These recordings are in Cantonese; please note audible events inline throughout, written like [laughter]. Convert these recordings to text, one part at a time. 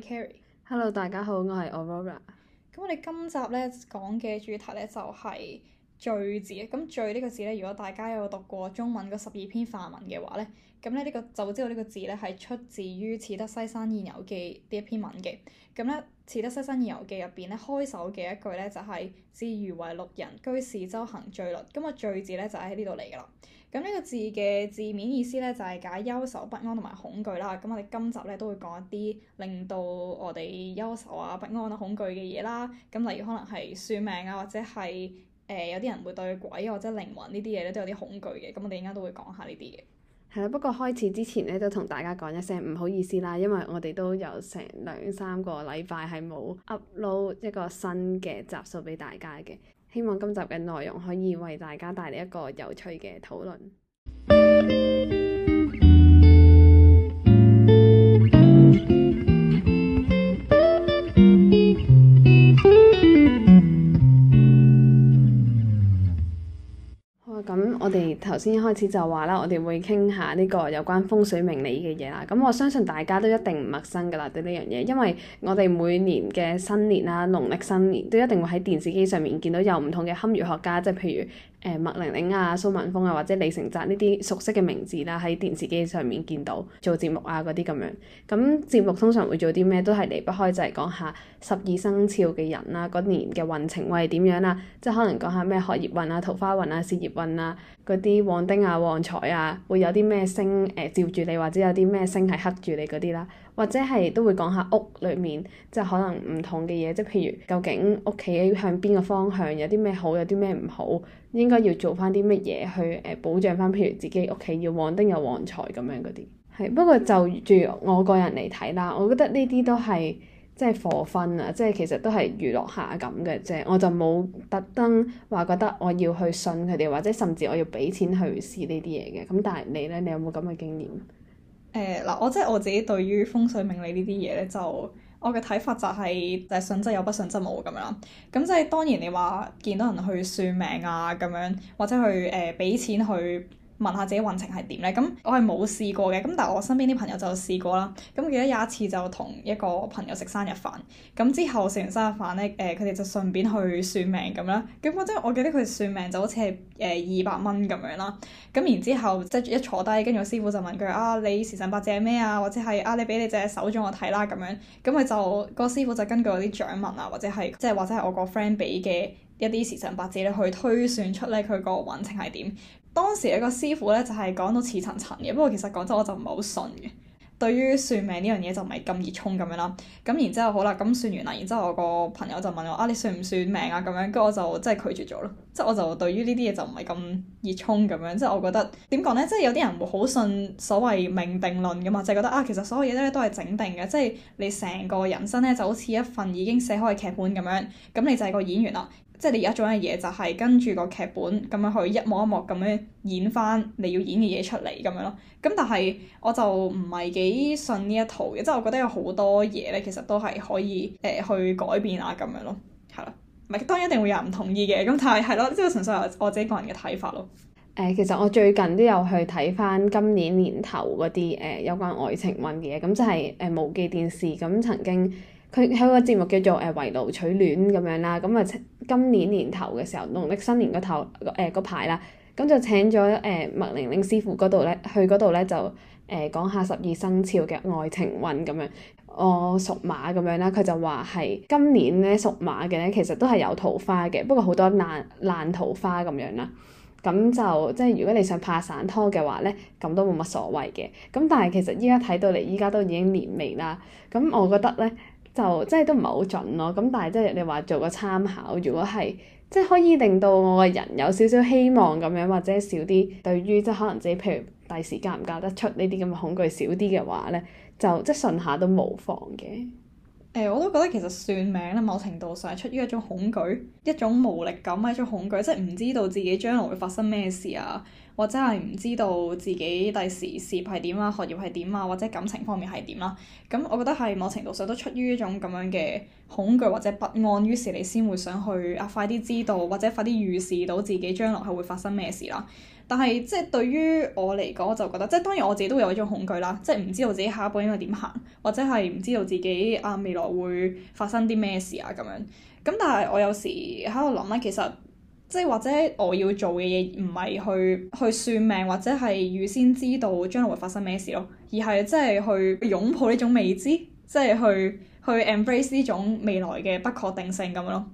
Hi, Hello，大家好，我係 Aurora。咁我哋今集咧講嘅主題咧就係、是“惴”字。咁“惴”呢個字咧，如果大家有讀過中文嗰十二篇範文嘅話咧，咁咧呢個就知道呢個字咧係出自於《始得西山宴遊記》呢一篇文嘅。咁、嗯、咧，《始得西山宴遊記》入邊咧開首嘅一句咧就係、是“自余為僇人，居是州，恆惴慄”，咁個“惴”字咧就喺呢度嚟噶啦。咁呢個字嘅字面意思咧就係、是、解憂愁、不安同埋恐懼啦。咁我哋今集咧都會講一啲令到我哋憂愁啊、不安啊、恐懼嘅嘢啦。咁例如可能係算命啊，或者係誒、呃、有啲人會對鬼、啊、或者靈魂呢啲嘢咧都有啲恐懼嘅。咁我哋而家都會講下呢啲嘅。係啦，不過開始之前咧都同大家講一聲唔好意思啦，因為我哋都有成兩三個禮拜係冇 upload 一個新嘅集數俾大家嘅。希望今集嘅內容可以為大家帶嚟一個有趣嘅討論。 [music] 好啊，咁我哋。頭先一開始就話啦，我哋會傾下呢個有關風水命理嘅嘢啦。咁我相信大家都一定唔陌生噶啦，對呢樣嘢，因為我哋每年嘅新年啦、農曆新年，都一定會喺電視機上面見到有唔同嘅堪輿學家，即係譬如誒麥玲玲啊、蘇文峰啊或者李成澤呢啲熟悉嘅名字啦，喺電視機上面見到做節目啊嗰啲咁樣。咁節目通常會做啲咩？都係離不開就係講下十二生肖嘅人啦，嗰年嘅運程係點樣啦？即係可能講下咩學業運啊、桃花運啊、事業運啊嗰啲。啲旺丁啊、旺財啊，會有啲咩星誒照住你，或者有啲咩星係黑住你嗰啲啦，或者係都會講下屋裏面即係可能唔同嘅嘢，即係譬如究竟屋企向邊個方向有啲咩好，有啲咩唔好，應該要做翻啲乜嘢去誒、呃、保障翻，譬如自己屋企要旺丁又旺財咁樣嗰啲。係，不過就住我個人嚟睇啦，我覺得呢啲都係。即係課分啊！即係其實都係娛樂下咁嘅啫，我就冇特登話覺得我要去信佢哋，或者甚至我要俾錢去試呢啲嘢嘅。咁但係你咧，你有冇咁嘅經驗？誒嗱，我即係我自己對於風水命理呢啲嘢咧，就我嘅睇法就係：就係信則有，不信則冇。咁樣。咁即係當然你話見到人去算命啊，咁樣或者去誒俾錢去。問下自己運程係點咧？咁我係冇試過嘅，咁但係我身邊啲朋友就試過啦。咁我記得有一次就同一個朋友食生日飯，咁之後食完生日飯咧，誒佢哋就順便去算命咁啦。咁我即我記得佢哋算命就好似係誒二百蚊咁樣啦。咁然之後即係、就是、一坐低，跟住師傅就問佢啊，你時辰八字係咩啊？或者係啊，你俾你隻手掌我睇啦咁樣。咁佢就、個師傅就根據嗰啲掌紋啊，或者係即係或者係我個 friend 俾嘅一啲時辰八字咧，去推算出咧佢個運程係點。當時一個師傅咧就係講到似層層嘅，不過其實講真我就唔係好信嘅。對於算命呢樣嘢就唔係咁熱衷咁樣啦。咁然之後好啦，咁算完啦，然之後我個朋友就問我啊，你算唔算命啊？咁樣跟住我就真係拒絕咗咯。即係我就對於呢啲嘢就唔係咁熱衷咁樣。即係我覺得點講咧？即係有啲人會好信所謂命定論噶嘛，就係覺得啊，其實所有嘢咧都係整定嘅。即係你成個人生咧就好似一份已經寫開嘅劇本咁樣，咁你就係個演員啦。即係你而家做緊嘅嘢，就係跟住個劇本咁樣去一幕一幕咁樣演翻你要演嘅嘢出嚟咁樣咯。咁但係我就唔係幾信呢一套嘅，即係我覺得有好多嘢咧，其實都係可以誒、呃、去改變啊咁樣咯。係啦，唔係當然一定會有人唔同意嘅。咁但係係咯，即係純粹係我自己個人嘅睇法咯。誒、呃，其實我最近都有去睇翻今年年頭嗰啲誒有關愛情運嘅嘢，咁即係誒無記電視咁曾經。佢有個節目叫做誒圍爐取暖咁樣啦，咁啊今年年頭嘅時候，農曆新年嗰頭誒嗰、呃、排啦，咁就請咗誒麥玲玲師傅嗰度咧，去嗰度咧就誒、呃、講下十二生肖嘅愛情運咁樣。哦，屬馬咁樣啦，佢就話係今年咧屬馬嘅咧，其實都係有桃花嘅，不過好多爛爛桃花咁樣啦。咁就即係如果你想拍散拖嘅話咧，咁都冇乜所謂嘅。咁但係其實依家睇到嚟，依家都已經年尾啦。咁我覺得咧。就即係都唔係好準咯，咁但係即係你話做個參考，如果係即係可以令到我個人有少少希望咁樣，或者少啲對於即係可能自己譬如第時嫁唔嫁得出呢啲咁嘅恐懼少啲嘅話呢，就即係信下都無妨嘅。誒、欸，我都覺得其實算命咧，某程度上係出於一種恐懼，一種無力感，一種恐懼，即係唔知道自己將來會發生咩事啊。或者係唔知道自己第時事業係點啊，學業係點啊，或者感情方面係點啦。咁我覺得係某程度上都出於一種咁樣嘅恐懼或者不安，於是你先會想去啊快啲知道，或者快啲預示到自己將來係會發生咩事啦。但係即係對於我嚟講，我就覺得即係當然我自己都會有一種恐懼啦，即係唔知道自己下一步應該點行，或者係唔知道自己啊未來會發生啲咩事啊咁樣。咁但係我有時喺度諗咧，其實即係或者我要做嘅嘢唔係去去算命，或者係預先知道將來會發生咩事咯，而係即係去擁抱呢種未知，即、就、係、是、去去 embrace 呢種未來嘅不確定性咁咯。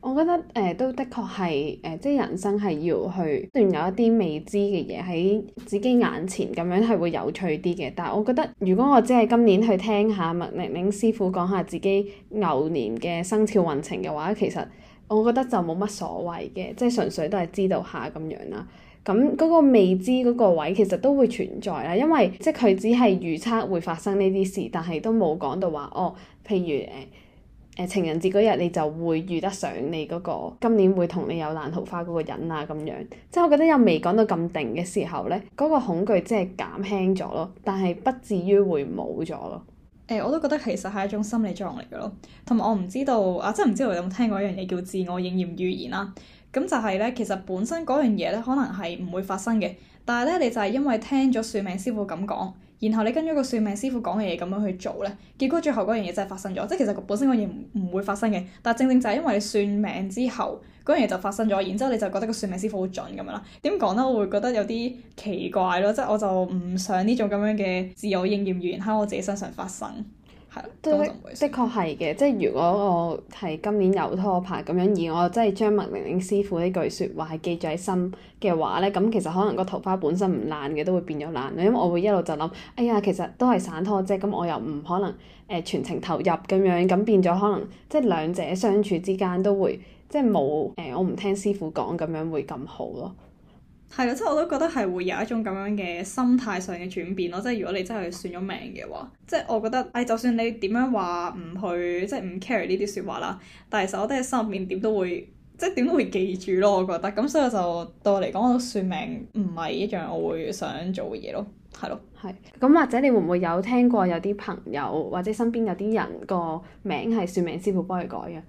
我覺得誒、呃、都的確係誒、呃，即係人生係要去雖然有一啲未知嘅嘢喺自己眼前咁樣係會有趣啲嘅。但係我覺得如果我只係今年去聽下麥玲玲師傅講下自己牛年嘅生肖運程嘅話，其實我覺得就冇乜所謂嘅，即係純粹都係知道下咁樣啦。咁嗰個未知嗰個位其實都會存在啦，因為即係佢只係預測會發生呢啲事，但係都冇講到話哦，譬如誒誒、呃呃、情人節嗰日你就會遇得上你嗰個今年會同你有爛桃花嗰個人啊咁樣。即係我覺得又未講到咁定嘅時候咧，嗰、那個恐懼即係減輕咗咯，但係不至於會冇咗咯。誒、欸，我都覺得其實係一種心理作用嚟嘅咯，同埋我唔知道啊，真係唔知道你有冇聽過一樣嘢叫自我應驗預言啦。咁就係咧，其實本身嗰樣嘢咧，可能係唔會發生嘅，但係咧，你就係因為聽咗算命師傅咁講。然後你跟咗個算命師傅講嘅嘢咁樣去做呢，結果最後嗰樣嘢真係發生咗，即其實本身嗰樣嘢唔唔會發生嘅，但正正就係因為你算命之後嗰樣嘢就發生咗，然之後你就覺得個算命師傅好準咁樣啦。點講呢？我會覺得有啲奇怪咯，即我就唔想呢種咁樣嘅自我應驗預言喺我自己身上發生。都的確係嘅，即係如果我係今年有拖拍咁樣，而我真係將麥玲玲師傅呢句説話係記載在心嘅話咧，咁其實可能個桃花本身唔爛嘅都會變咗爛，因為我會一路就諗，哎呀，其實都係散拖啫，咁我又唔可能誒、呃、全程投入咁樣，咁變咗可能即係兩者相處之間都會即係冇誒，我唔聽師傅講咁樣會咁好咯。係咯，即係我都覺得係會有一種咁樣嘅心態上嘅轉變咯。即係如果你真係算咗命嘅話，即係我覺得，誒、哎，就算你點樣話唔去，即係唔 care 呢啲説話啦，但係其實我都係心入面點都會，即係點都會記住咯。我覺得咁，所以就對我嚟講，我算命唔係一樣我會想做嘅嘢咯，係咯。係，咁或者你會唔會有聽過有啲朋友或者身邊有啲人個名係算命師傅幫佢改嘅？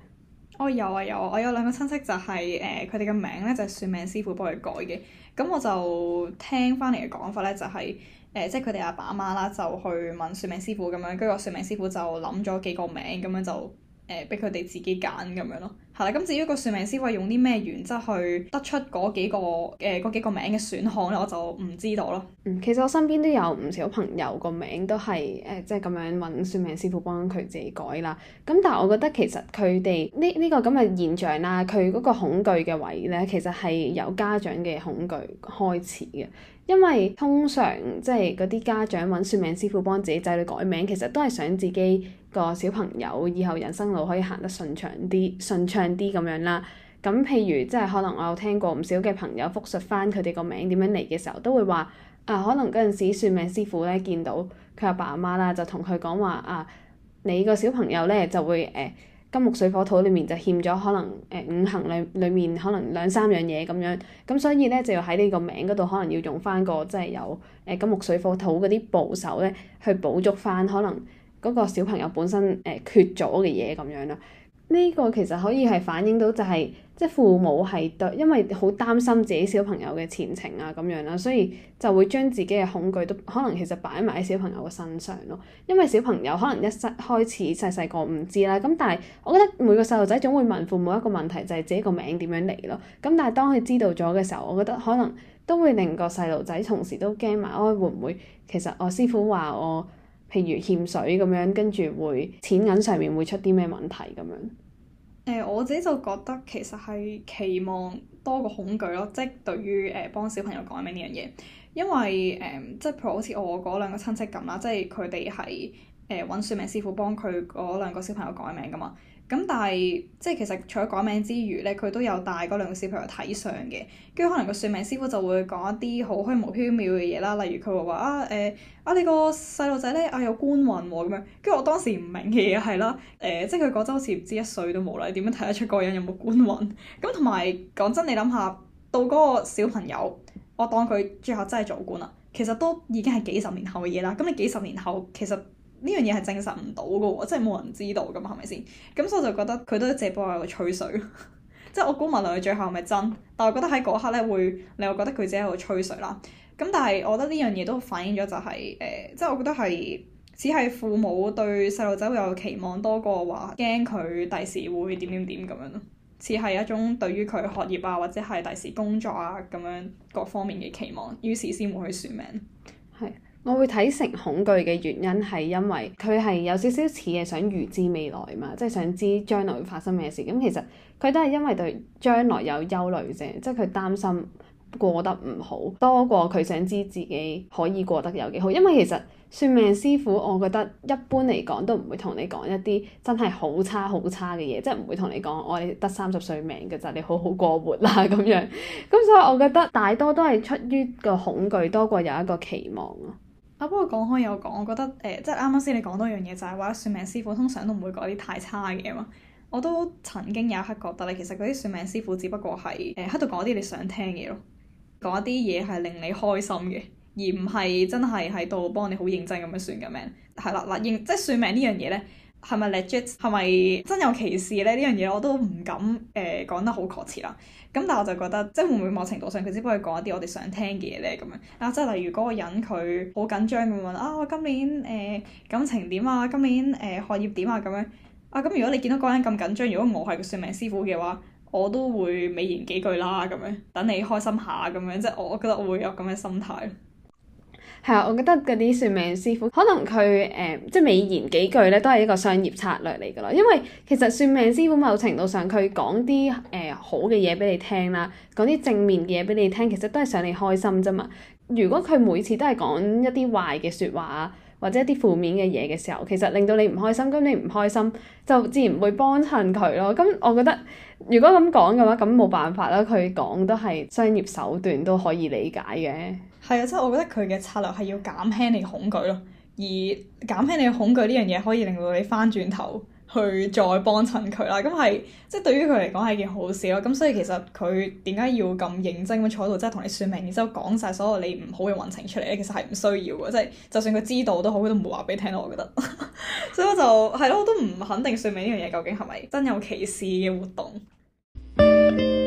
我、哦、有啊有，我有兩個親戚就係、是、誒，佢哋嘅名咧就係、是、算命師傅幫佢改嘅。咁我就聽翻嚟嘅講法咧、就是，就係誒，即係佢哋阿爸阿媽啦，就去問算命師傅咁樣，跟住個算命師傅就諗咗幾個名咁樣，樣，就誒畀佢哋自己揀咁樣咯。係啦，咁至於個算命師傅用啲咩原則去得出嗰幾個誒嗰幾個名嘅選項咧，我就唔知道咯。嗯，其實我身邊都有唔少朋友個名都係誒即係咁樣揾算命師傅幫佢自己改啦。咁、嗯、但係我覺得其實佢哋呢呢個咁嘅現象啦、啊，佢嗰個恐懼嘅位咧，其實係由家長嘅恐懼開始嘅，因為通常即係嗰啲家長揾算命師傅幫自己仔女改名，其實都係想自己個小朋友以後人生路可以行得順暢啲、順暢。啲咁樣啦，咁譬如即係可能我有聽過唔少嘅朋友複述翻佢哋個名點樣嚟嘅時候，都會話啊，可能嗰陣時算命師傅咧見到佢阿爸阿媽啦，就同佢講話啊，你個小朋友咧就會誒、呃、金木水火土裏面就欠咗可能誒、呃、五行裏裏面可能兩三樣嘢咁樣，咁所以咧就要喺呢個名嗰度可能要用翻個即係有誒、呃、金木水火土嗰啲部首咧去補足翻可能嗰個小朋友本身誒、呃、缺咗嘅嘢咁樣啦。呢個其實可以係反映到就係、是、即係父母係對，因為好擔心自己小朋友嘅前程啊咁樣啦、啊，所以就會將自己嘅恐懼都可能其實擺埋喺小朋友嘅身上咯。因為小朋友可能一細開始細細個唔知啦，咁但係我覺得每個細路仔總會問父母一個問題，就係、是、自己個名點樣嚟咯。咁但係當佢知道咗嘅時候，我覺得可能都會令個細路仔同時都驚埋，我、哎、會唔會其實我師傅話我？譬如欠水咁樣，跟住會錢銀上面會出啲咩問題咁樣？誒、呃，我自己就覺得其實係期望多過恐懼咯，即係對於誒、呃、幫小朋友改名呢樣嘢，因為誒、呃、即係譬如好似我嗰兩個親戚咁啦，即係佢哋係誒揾算命師傅幫佢嗰兩個小朋友改名㗎嘛。咁但係即係其實除咗改名之餘咧，佢都有帶嗰兩個小朋友睇相嘅。跟住可能個算命師傅就會講一啲好虛無縹緲嘅嘢啦，例如佢話話啊誒，我、呃、哋、啊、你個細路仔咧啊有官運喎咁樣。跟住我當時唔明嘅嘢係啦，誒、嗯呃、即係佢講真好似唔知一歲都冇啦，點樣睇得出嗰個人有冇官運？咁同埋講真，你諗下到嗰個小朋友，我當佢最後真係做官啦，其實都已經係幾十年後嘅嘢啦。咁你幾十年後其實～呢樣嘢係證實唔到㗎喎，即係冇人知道㗎嘛，係咪先？咁所以我就覺得佢都借波喺度吹水， [laughs] 即係我估問落去最後係咪真，但我覺得喺嗰刻咧會令我覺得佢只係喺度吹水啦。咁但係我覺得呢樣嘢都反映咗就係、是、誒、呃，即係我覺得係只係父母對細路仔會有期望多過話驚佢第時會點點點咁樣咯，似係一種對於佢學業啊或者係第時工作啊咁樣各方面嘅期望，於是先會去算命。我會睇成恐懼嘅原因係因為佢係有少少似係想預知未來嘛，即係想知將來會發生咩事。咁、嗯、其實佢都係因為對將來有憂慮啫，即係佢擔心過得唔好，多過佢想知自己可以過得有幾好。因為其實算命師傅，我覺得一般嚟講都唔會同你講一啲真係好差好差嘅嘢，即係唔會同你講我哋得三十歲命嘅就你好好過活啦咁樣。咁、嗯、所以我覺得大多都係出於個恐懼，多過有一個期望啊。啊，不過講開又講，我覺得誒、呃，即係啱啱先你講到一樣嘢，就係，就係話算命師傅通常都唔會講啲太差嘅嘛。我都曾經有一刻覺得，其實嗰啲算命師傅只不過係誒喺度講啲你想聽嘅咯，講一啲嘢係令你開心嘅，而唔係真係喺度幫你好認真咁樣算嘅命，係啦嗱，認、嗯嗯、即係算命呢樣嘢咧。係咪 legit？係咪真有其事咧？呢樣嘢我都唔敢誒講得好確切啦。咁但係我就覺得，即係會唔會某程度上佢只不過係講一啲我哋想聽嘅嘢咧咁樣。啊，即係例如嗰個人佢好緊張咁問，啊我今年誒感情點啊，今年誒、呃呃、學業點啊咁樣。啊咁，如果你見到嗰個人咁緊張，如果我係個算命師傅嘅話，我都會美言幾句啦咁樣，等你開心下咁樣。即係我覺得我會有咁嘅心態。係啊，我覺得嗰啲算命師傅可能佢誒、呃、即係美言幾句咧，都係一個商業策略嚟㗎啦。因為其實算命師傅某程度上佢講啲誒好嘅嘢俾你聽啦，講啲正面嘅嘢俾你聽，其實都係想你開心啫嘛。如果佢每次都係講一啲壞嘅説話，或者一啲負面嘅嘢嘅時候，其實令到你唔開心，咁你唔開心就自然會幫襯佢咯。咁我覺得如果咁講嘅話，咁冇辦法啦。佢講都係商業手段都可以理解嘅。係啊，即係我覺得佢嘅策略係要減輕你恐懼咯，而減輕你恐懼呢樣嘢可以令到你翻轉頭去再幫襯佢啦。咁係即係對於佢嚟講係件好事咯。咁所以其實佢點解要咁認真咁坐喺度即係同你算命，然之後講晒所有你唔好嘅運程出嚟咧，其實係唔需要嘅。即係就算佢知道都好，佢都唔會話俾你聽咯。我覺得， [laughs] 所以我就係咯，我都唔肯定算命呢樣嘢究竟係咪真有其事嘅活動。 [music]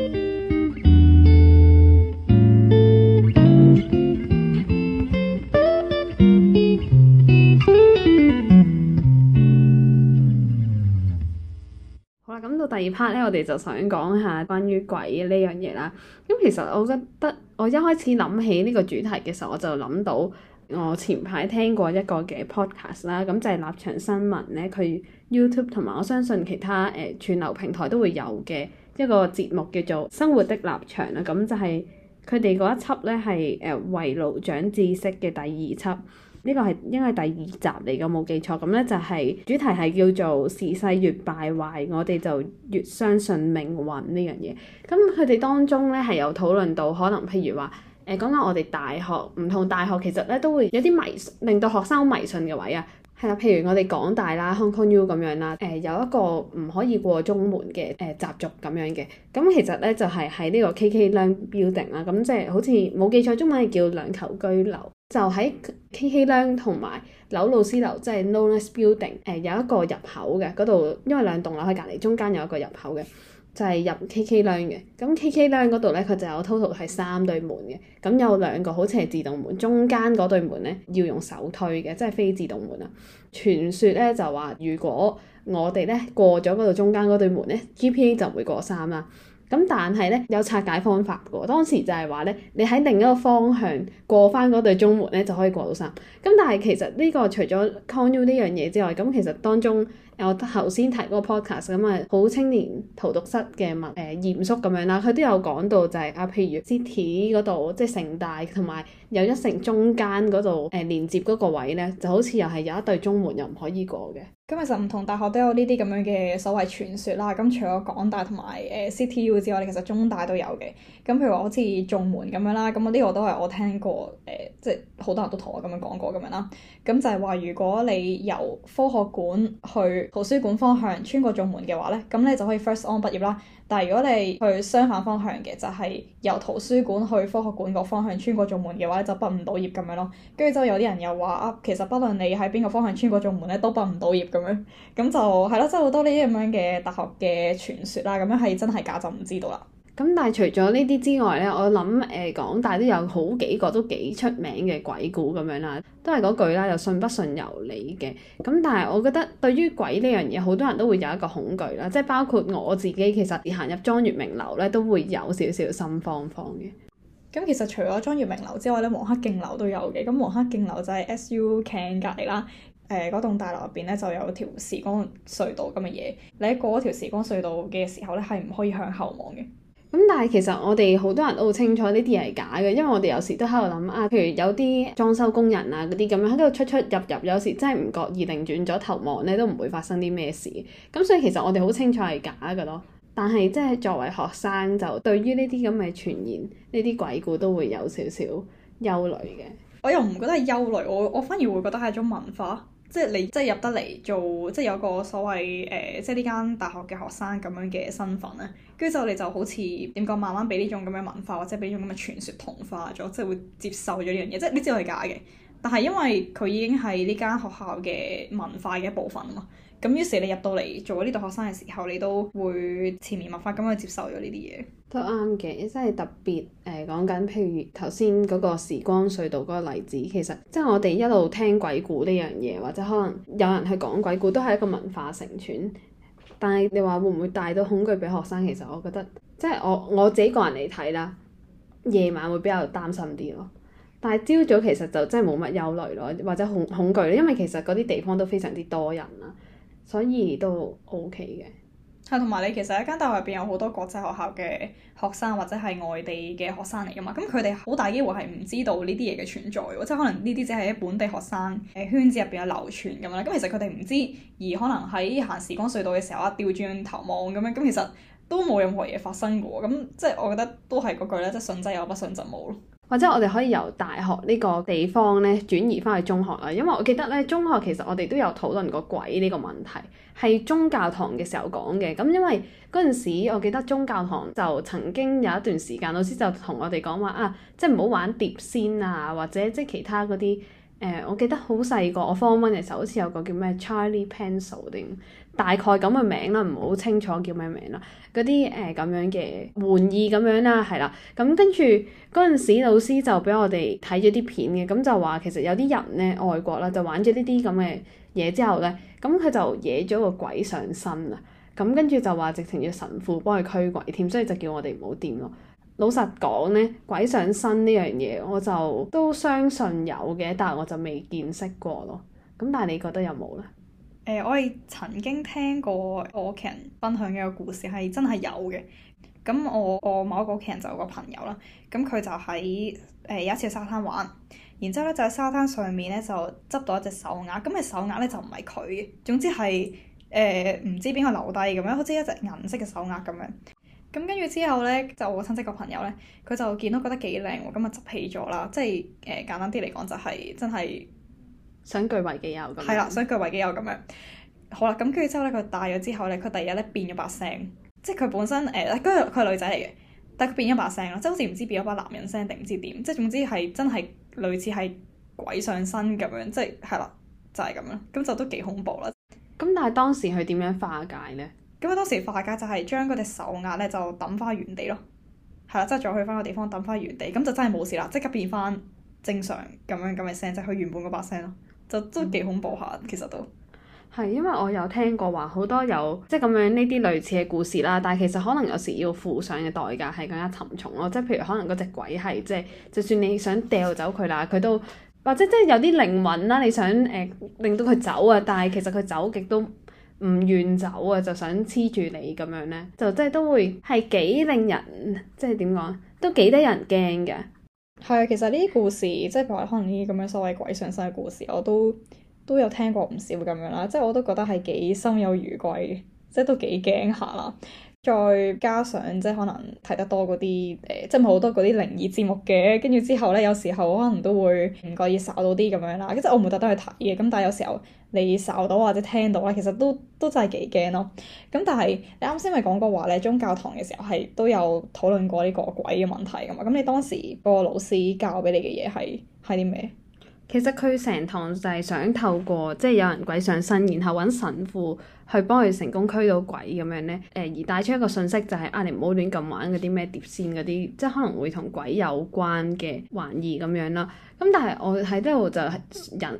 咁到第二 part 咧，我哋就想講下關於鬼呢樣嘢啦。咁其實我覺得，我一開始諗起呢個主題嘅時候，我就諗到我前排聽過一個嘅 podcast 啦、就是。咁就係立場新聞咧，佢 YouTube 同埋我相信其他誒串、呃、流平台都會有嘅一個節目叫做生活的立場啦。咁就係佢哋嗰一輯咧，係誒、呃、為老長知識嘅第二輯。呢個係應該係第二集嚟嘅，冇記錯。咁呢就係主題係叫做時勢越敗壞，我哋就越相信命運呢樣嘢。咁佢哋當中呢，係有討論到可能譬如話，誒講緊我哋大學唔同大學其實呢，都會有啲迷信，令到學生好迷信嘅位啊。係啊，譬如我哋港大啦、Hong Kong U 咁樣啦，誒、呃、有一個唔可以過中門嘅誒習俗咁樣嘅。咁其實呢，就係喺呢個 KK Leung Building 啦。咁即係好似冇記錯，中文係叫梁銶琚樓，就喺 KK Leung 同埋鈕魯詩樓，即係 Knowles Building，誒有一個入口嘅嗰度，因為兩棟樓喺隔離，中間有一個入口嘅，就係、是、入 KK Leung 嘅。咁 KK Leung 嗰度咧，佢就有 total 係三對門嘅，咁有兩個好似係自動門，中間嗰對門咧要用手推嘅，即係非自動門啊。傳說咧就話，如果我哋咧過咗嗰度中間嗰對門咧，GPA 就唔會過三啦。咁但係咧有拆解方法嘅喎，當時就係話咧，你喺另一個方向過返嗰對中門咧就可以過到三。咁但係其實呢、這個除咗 c o n 呢樣嘢之外，咁其實當中我頭先提嗰個 podcast 咁、嗯、啊，好青年荼毒室嘅物誒嚴肅咁樣啦，佢都有講到就係、是、啊，譬如 city 嗰度即係、就是、城大同埋又一城中間嗰度誒連接嗰個位咧，就好似又係有一對中門又唔可以過嘅。咁其實唔同大學都有呢啲咁樣嘅所謂傳說啦。咁除咗港大同埋誒、呃、City U 之外，其實中大都有嘅。咁譬如話好似仲門咁樣啦，咁呢個我都係我聽過，誒、呃、即係好多人都同我咁樣講過咁樣啦。咁就係話如果你由科學館去圖書館方向穿過仲門嘅話咧，咁你就可以 first on 畢業啦。但係如果你去相反方向嘅，就係由圖書館去科學館個方向穿過嗰道門嘅話就畢唔到業咁樣咯。跟住就有啲人又話啊，其實不論你喺邊個方向穿過嗰道門咧，都畢唔到業咁樣。咁就係咯，即係好多呢啲咁樣嘅大學嘅傳說啦。咁樣係真係假的就唔知道啦。咁但係除咗呢啲之外呢，我諗誒港大都有好幾個都幾出名嘅鬼故咁樣啦，都係嗰句啦，又信不信由你嘅。咁但係我覺得對於鬼呢樣嘢，好多人都會有一個恐懼啦，即係包括我自己，其實行入莊月明樓呢，都會有少少心慌慌嘅。咁其實除咗莊月明樓之外呢，黃克競樓都有嘅。咁黃克競樓就係 S.U.C.N. 隔離啦，誒、呃、嗰棟大樓入邊呢，就有條時光隧道咁嘅嘢。你喺過嗰條時光隧道嘅時候呢，係唔可以向後望嘅。咁但係其實我哋好多人都好清楚呢啲係假嘅，因為我哋有時都喺度諗啊，譬如有啲裝修工人啊嗰啲咁樣喺度出出入入，有時真係唔覺意擰轉咗頭望咧，都唔會發生啲咩事。咁所以其實我哋好清楚係假嘅咯。但係即係作為學生，就對於呢啲咁嘅傳言，呢啲鬼故都會有少少憂慮嘅。我又唔覺得係憂慮，我我反而會覺得係一種文化，即係你即係入得嚟做，即係有個所謂誒、呃，即係呢間大學嘅學生咁樣嘅身份咧。跟住之後，你就好似點講，慢慢俾呢種咁嘅文化或者俾呢種咁嘅傳說同化咗，即係會接受咗呢樣嘢。即係你知道係假嘅，但係因為佢已經係呢間學校嘅文化嘅一部分嘛。咁於是你入到嚟做呢度學生嘅時候，你都會潛移默化咁去接受咗呢啲嘢。都啱嘅，真係特別誒講緊，譬、呃、如頭先嗰個時光隧道嗰個例子，其實即係我哋一路聽鬼故呢樣嘢，或者可能有人去講鬼故，都係一個文化承傳。但係你話會唔會帶到恐懼畀學生？其實我覺得即係我我自己個人嚟睇啦，夜晚會比較擔心啲咯。但係朝早其實就真係冇乜憂慮咯，或者恐恐懼咧，因為其實嗰啲地方都非常之多人啦，所以都 OK 嘅。同埋、嗯、你其實一間大學入邊有好多國際學校嘅學生，或者係外地嘅學生嚟噶嘛，咁佢哋好大機會係唔知道呢啲嘢嘅存在喎，即係可能呢啲只係喺本地學生誒圈子入邊有流傳咁樣啦，咁其實佢哋唔知，而可能喺行時光隧道嘅時候啊，掉轉頭望咁樣，咁其實都冇任何嘢發生過，咁即係我覺得都係嗰句咧，即係信則有，不信則冇咯。或者我哋可以由大學呢個地方咧轉移翻去中學啦，因為我記得咧中學其實我哋都有討論過鬼呢個問題，係宗教堂嘅時候講嘅。咁、嗯、因為嗰陣時我記得宗教堂就曾經有一段時間老師就同我哋講話啊，即係唔好玩碟仙啊，或者即係其他嗰啲誒。我記得好細個，我 form one 其實好似有個叫咩 Charlie Pencil 定。大概咁嘅名啦，唔好清楚叫咩名啦，嗰啲誒咁樣嘅玩意咁樣啦，係啦，咁跟住嗰陣時老師就俾我哋睇咗啲片嘅，咁就話其實有啲人呢，外國啦就玩咗呢啲咁嘅嘢之後呢，咁佢就惹咗個鬼上身啦，咁跟住就話直情要神父幫佢驅鬼添，所以就叫我哋唔好掂咯。老實講呢，鬼上身呢樣嘢我就都相信有嘅，但係我就未見識過咯。咁但係你覺得有冇呢？誒、呃，我係曾經聽過我屋企人分享嘅一個故事，係真係有嘅。咁我我某一個屋企人就有個朋友啦，咁佢就喺誒、呃、有一次去沙灘玩，然之後咧就喺沙灘上面咧就執到一隻手鈪，咁、這、嘅、個、手鈪咧就唔係佢，嘅，總之係誒唔知邊個留低咁樣，好似一隻銀色嘅手鈪咁樣。咁跟住之後咧，就我親戚個朋友咧，佢就見到覺得幾靚，咁啊執起咗啦。即係誒、呃、簡單啲嚟講，就係真係。想據為己有咁，係啦，想據為己有咁樣。好啦，咁跟住之後咧，佢大咗之後咧，佢第二日咧變咗把聲，即係佢本身誒，跟住佢女仔嚟嘅，但係佢變咗把聲啦，即係好似唔知變咗把男人聲定唔知點，即係總之係真係類似係鬼上身咁樣，即係係啦，就係咁樣，咁就都幾恐怖啦。咁但係當時佢點樣化解呢？咁佢當時化解就係將嗰隻手壓咧就抌翻原地咯。係啦，即係再去翻個地方抌翻原地，咁就真係冇事啦，即刻變翻正常咁樣咁嘅聲，即係佢原本嗰把聲咯。就真係幾恐怖下，其實都係因為我有聽過話好多有即係咁樣呢啲類似嘅故事啦，但係其實可能有時要付上嘅代價係更加沉重咯。即係譬如可能嗰隻鬼係即係，就算你想掉走佢啦，佢都或者即係有啲靈魂啦，你想誒、呃、令到佢走啊，但係其實佢走極都唔願走啊，就想黐住你咁樣咧，就即係都會係幾令人即係點講，都幾得人驚嘅。係啊，其實呢啲故事，即係譬如話可能呢啲咁樣所謂鬼上身嘅故事，我都都有聽過唔少咁樣啦，即係我都覺得係幾心有餘悸，即係都幾驚下啦。再加上即係可能睇得多嗰啲誒，即係唔係好多嗰啲靈異節目嘅，跟住之後咧，有時候可能都會唔覺意掃到啲咁樣啦，即係我唔會特登去睇嘅，咁但係有時候你掃到或者聽到咧，其實都都真係幾驚咯。咁但係你啱先咪講過話呢，你宗教堂嘅時候係都有討論過呢個鬼嘅問題噶嘛？咁你當時個老師教俾你嘅嘢係係啲咩？其實佢成堂就係想透過即係、就是、有人鬼上身，然後揾神父去幫佢成功驅到鬼咁樣呢誒、呃、而帶出一個信息、就是，就係啊你唔好亂咁玩嗰啲咩碟仙嗰啲，即係可能會同鬼有關嘅玩意咁樣啦。咁但係我喺度就係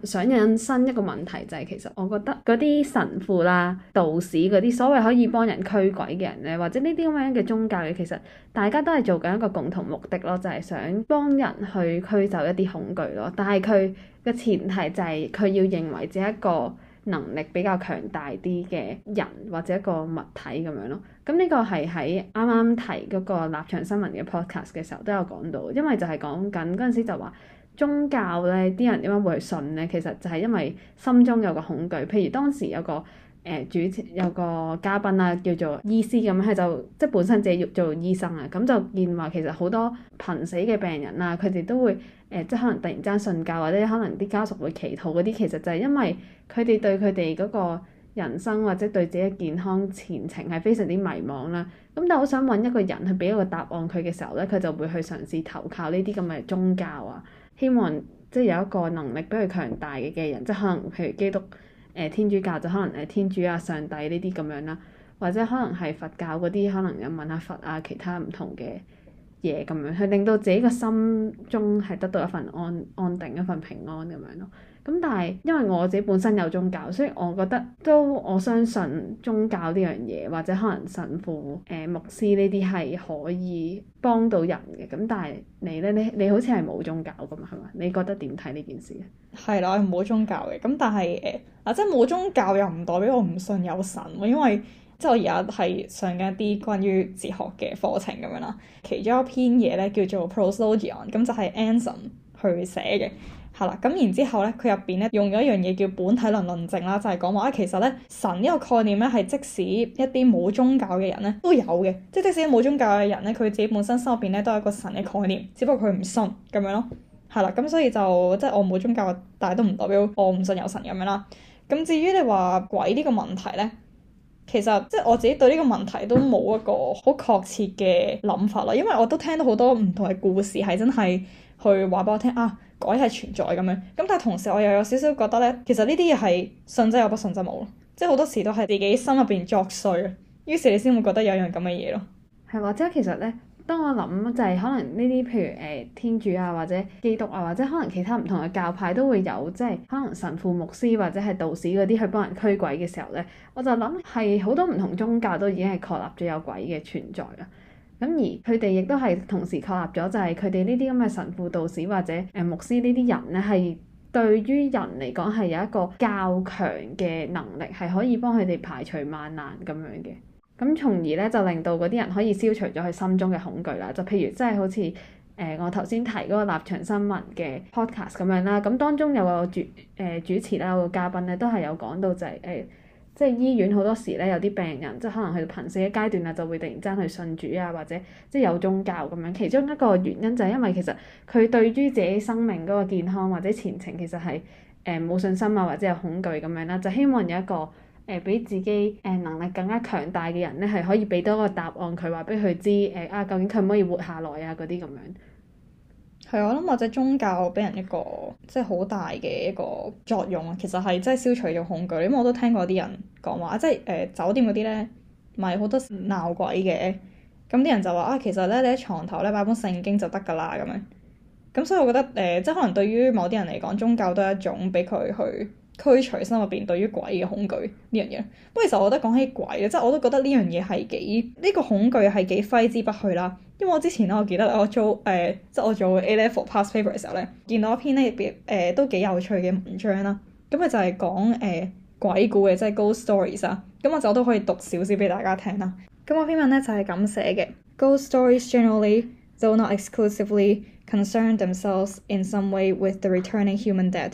想引申一個問題，就係、是、其實我覺得嗰啲神父啦、道士嗰啲所謂可以幫人驅鬼嘅人咧，或者呢啲咁樣嘅宗教嘅，其實大家都係做緊一個共同目的咯，就係、是、想幫人去驅走一啲恐懼咯。但係佢嘅前提就係佢要認為自己一個能力比較強大啲嘅人或者一個物體咁樣咯。咁、嗯、呢、這個係喺啱啱提嗰、那個立場新聞嘅 podcast 嘅時候都有講到，因為就係講緊嗰陣時就話。宗教咧，啲人點解會去信咧？其實就係因為心中有個恐懼。譬如當時有個誒、呃、主持有個嘉賓啦，叫做醫師咁，佢就即係本身自己要做醫生啊。咁就見話其實好多瀕死嘅病人啦，佢哋都會誒、呃、即係可能突然之間信教，或者可能啲家屬會祈禱嗰啲，其實就係因為佢哋對佢哋嗰個人生或者對自己嘅健康前程係非常之迷茫啦。咁但係我想揾一個人去俾一個答案佢嘅時候咧，佢就會去嘗試投靠呢啲咁嘅宗教啊。希望即係有一個能力比佢強大嘅嘅人，即係可能譬如基督誒、呃、天主教就可能誒天主啊，上帝呢啲咁樣啦，或者可能係佛教嗰啲可能問下佛啊，其他唔同嘅嘢咁樣，去令到自己個心中係得到一份安安定、一份平安咁樣咯。咁但係因為我自己本身有宗教，所以我覺得都我相信宗教呢樣嘢，或者可能神父、誒、呃、牧師呢啲係可以幫到人嘅。咁但係你咧，你你好似係冇宗教噶嘛，係嘛？你覺得點睇呢件事咧？係啦，冇宗教嘅。咁但係誒啊，即係冇宗教又唔代表我唔信有神喎，因為即係我而家係上緊一啲關於哲學嘅課程咁樣啦。其中一篇嘢咧叫做《Proslogion》，咁就係 Anselm 去寫嘅。係啦，咁然之後咧，佢入邊咧用咗一樣嘢叫本體論論證啦，就係講話其實咧神呢個概念咧係即使一啲冇宗教嘅人咧都有嘅，即係即使冇宗教嘅人咧，佢自己本身心入邊咧都有一個神嘅概念，只不過佢唔信咁樣咯。係啦，咁所以就即係我冇宗教，但係都唔代表我唔信有神咁樣啦。咁至於你話鬼呢個問題咧？其實即係我自己對呢個問題都冇一個好確切嘅諗法咯，因為我都聽到好多唔同嘅故事，係真係去話俾我聽啊，鬼係存在咁樣。咁但係同時我又有少少覺得咧，其實呢啲嘢係信則有，不信則冇，即係好多時都係自己心入邊作祟，於是你先會覺得有樣咁嘅嘢咯。係嘛？即其實咧。當我諗就係可能呢啲譬如誒、呃、天主啊，或者基督啊，或者可能其他唔同嘅教派都會有即係、就是、可能神父牧師，或者係道士嗰啲去幫人驅鬼嘅時候呢，我就諗係好多唔同宗教都已經係確立咗有鬼嘅存在啦。咁而佢哋亦都係同時確立咗就係佢哋呢啲咁嘅神父道士，或者誒牧師呢啲人呢，係對於人嚟講係有一個較強嘅能力，係可以幫佢哋排除萬難咁樣嘅。咁從而咧就令到嗰啲人可以消除咗佢心中嘅恐懼啦。就譬如即係好似誒、呃、我頭先提嗰、嗰個立場新聞嘅 podcast 咁樣啦。咁當中有個主誒主持啦，有個嘉賓咧都係有講到就係、係、誒，即、欸、係醫院好多時咧有啲病人即係可能去到瀕死嘅階段啦，就會突然間去信主啊，或者即係有宗教咁樣。其中一個原因就係因為其實佢對於自己生命嗰個健康或者前程其實係誒冇信心啊，或者有恐懼咁樣啦，就希望有一個。誒俾、呃、自己誒、呃、能力更加強大嘅人咧，係可以畀多個答案佢，話畀佢知誒啊，究竟佢唔可以活下來啊？嗰啲咁樣，係我諗或者宗教畀人一個即係好大嘅一個作用啊，其實係真係消除咗恐懼。因為我都聽過啲人講話、啊，即係誒、呃、酒店嗰啲咧，咪好多鬧鬼嘅，咁啲、嗯、人就話啊，其實咧你喺床頭咧擺本聖經就得㗎啦，咁樣。咁所以我覺得誒、呃，即係可能對於某啲人嚟講，宗教都係一種畀佢去。驅除心入邊對於鬼嘅恐懼呢樣嘢。不過其實我覺得講起鬼咧，即係我都覺得呢樣嘢係幾呢個恐懼係幾揮之不去啦。因為我之前咧，我記得我做誒、呃、即係我做 A-level past paper 嘅時候咧，見到一篇咧，誒、呃、都幾有趣嘅文章啦。咁佢就係講誒鬼故嘅，即係 ghost stories 啊。咁我就都可以讀少少俾大家聽啦。咁我篇文咧就係、是、咁寫嘅：ghost stories generally, though not exclusively, concern themselves in some way with the returning human dead。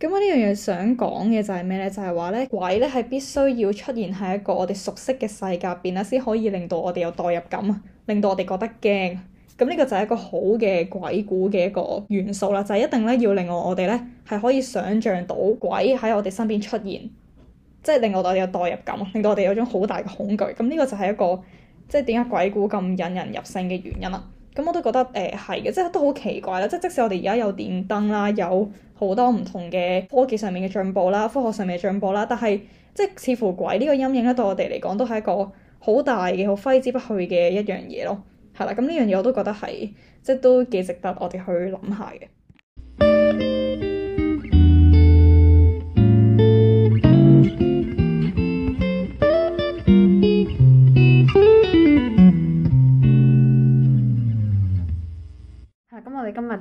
咁我呢樣嘢想講嘅就係咩咧？就係話咧鬼咧係必須要出現喺一個我哋熟悉嘅世界入邊啦，先可以令到我哋有代入感，令到我哋覺得驚。咁呢個就係一個好嘅鬼故嘅一個元素啦，就係一定咧要令我我哋咧係可以想像到鬼喺我哋身邊出現，即係令到我我哋有代入感，令到我哋有種好大嘅恐懼。咁呢個就係一個即係點解鬼故咁引人入勝嘅原因啦。咁我都覺得誒係嘅，即係都好奇怪啦！即係即使我哋而家有電燈啦，有好多唔同嘅科技上面嘅進步啦，科學上面嘅進步啦，但係即係似乎鬼呢個陰影咧，對我哋嚟講都係一個好大嘅、好揮之不去嘅一樣嘢咯，係啦。咁呢樣嘢我都覺得係，即係都幾值得我哋去諗下嘅。 [music]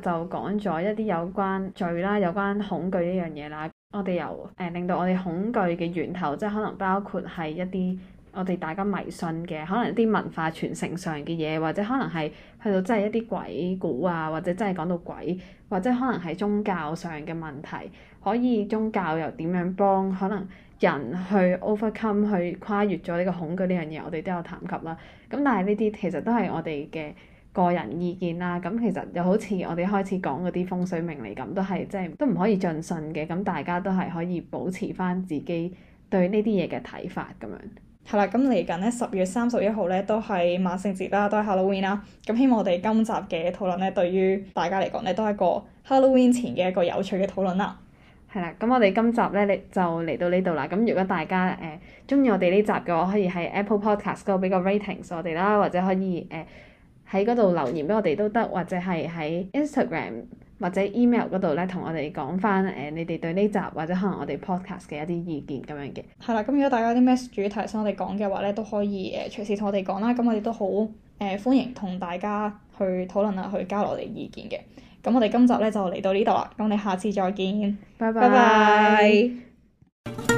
就講咗一啲有關罪啦、有關恐懼呢樣嘢啦。我哋由誒、呃、令到我哋恐懼嘅源頭，即係可能包括係一啲我哋大家迷信嘅，可能一啲文化傳承上嘅嘢，或者可能係去到真係一啲鬼故啊，或者真係講到鬼，或者可能係宗教上嘅問題。可以宗教又點樣幫可能人去 overcome 去跨越咗呢個恐懼呢樣嘢？我哋都有談及啦。咁但係呢啲其實都係我哋嘅。個人意見啦，咁其實就好似我哋開始講嗰啲風水名嚟咁，都係即係都唔可以盡信嘅。咁大家都係可以保持翻自己對呢啲嘢嘅睇法咁樣。係啦、嗯，咁嚟緊呢，十月三十一號呢，都係萬聖節啦，都係 Halloween 啦。咁希望我哋今集嘅討論呢，對於大家嚟講呢，都係一個 Halloween 前嘅一個有趣嘅討論啦。係、嗯嗯嗯嗯、啦，咁我哋今集呢就嚟到呢度啦。咁如果大家誒中意我哋呢集嘅，我可以喺 Apple Podcast 度俾個 rating 我哋啦，或者可以誒。呃喺嗰度留言俾我哋都得，或者係喺 Instagram 或者 email 嗰度咧，同我哋講翻誒你哋對呢集或者可能我哋 podcast 嘅一啲意見咁樣嘅。係啦，咁如果大家有啲咩主題想我哋講嘅話咧，都可以誒隨時同我哋講啦。咁我哋都好誒、呃、歡迎同大家去討論啊，去交流我哋意見嘅。咁我哋今集咧就嚟到呢度啦。咁我哋下次再見，拜拜。